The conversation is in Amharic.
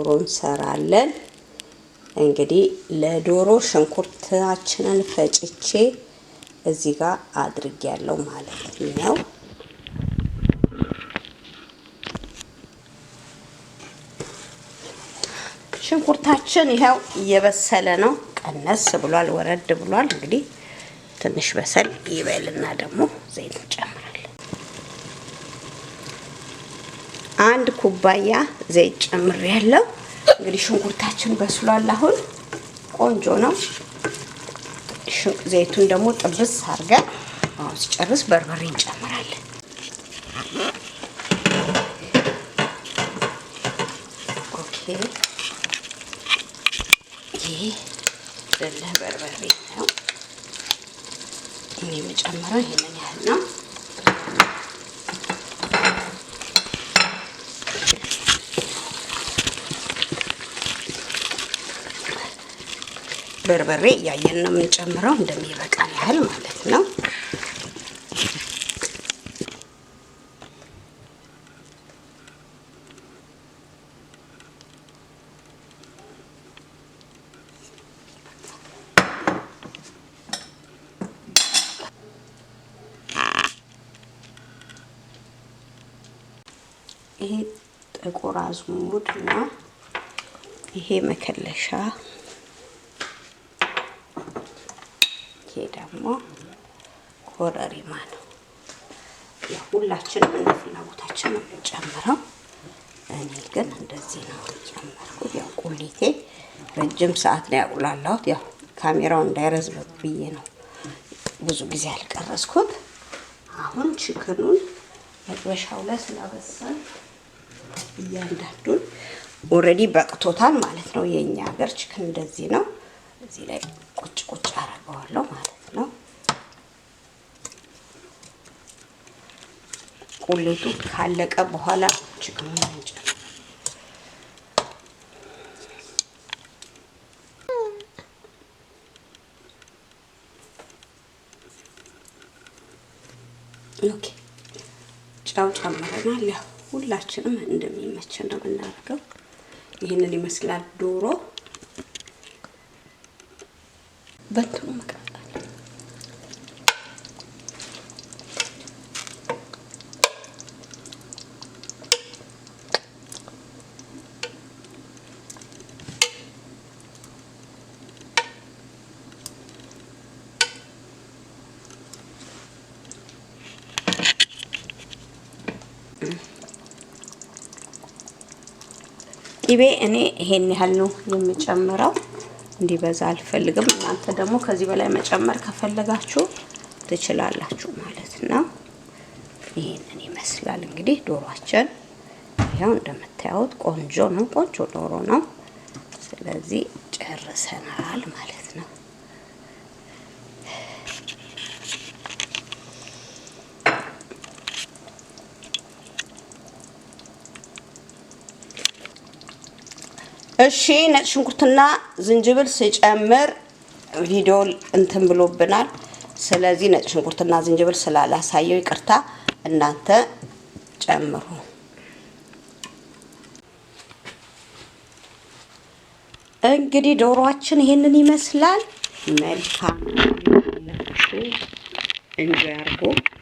ዶሮ እንሰራለን። እንግዲህ ለዶሮ ሽንኩርታችንን ፈጭቼ እዚህ ጋር አድርጌያለሁ ማለት ነው። ሽንኩርታችን ይኸው እየበሰለ ነው። ቀነስ ብሏል፣ ወረድ ብሏል። እንግዲህ ትንሽ በሰል ይበልና ደግሞ ዘይት አንድ ኩባያ ዘይት ጨምር ያለው። እንግዲህ ሽንኩርታችን በስሏል። አሁን ቆንጆ ነው። ዘይቱን ደግሞ ጥብስ አድርገን አሁን ሲጨርስ በርበሬ እንጨምራለን። ኦኬ ይሄ በርበሬ ነው። እኔ የምጨምረው ይህንን ያህል ነው። በርበሬ እያየን ነው የምንጨምረው እንደሚበቃን ያህል ማለት ነው። ይሄ ጥቁር አዝሙድ እና ይሄ መከለሻ ደግሞ ኮረሪማ ነው። ሁላችንም እንደ ፍላጎታችን ነው የምንጨምረው። እኔ ግን እንደዚህ ነው የጨመርኩት። ያው ቁሌቴ ረጅም ሰዓት ላይ ያቁላላሁት። ያው ካሜራው እንዳይረዝበት ብዬ ነው ብዙ ጊዜ ያልቀረጽኩት። አሁን ችክኑን መጥበሻው ላይ ስላበሰል እያንዳንዱን ኦልሬዲ በቅቶታል ማለት ነው። የእኛ ሀገር ችክን እንደዚህ ነው። እዚህ ላይ ቁጭ ቁጭ አደርገዋለሁ ማለት ነው። ቁሌቱ ካለቀ በኋላ ችግሩን እንጨ ኦኬ ጨው ጨምረናል። ያው ሁላችንም እንደሚመቸን ነው የምናደርገው። ይህንን ይመስላል ዶሮ በልቶ መቅረት ቅቤ እኔ ይሄን ያህል ነው የምጨምረው። እንዲበዛ አልፈልግም። እናንተ ደግሞ ከዚህ በላይ መጨመር ከፈለጋችሁ ትችላላችሁ ማለት ነው። ይህንን ይመስላል እንግዲህ ዶሯችን። ያው እንደምታዩት ቆንጆ ነው፣ ቆንጆ ዶሮ ነው። ስለዚህ ጨርሰናል ማለት ነው። እሺ ነጭ ሽንኩርትና ዝንጅብል ስጨምር ቪዲዮ እንትን ብሎብናል። ስለዚህ ነጭ ሽንኩርትና ዝንጅብል ስላላሳየው ይቅርታ፣ እናንተ ጨምሩ። እንግዲህ ዶሮአችን ይሄንን ይመስላል። መልካም እንጀራ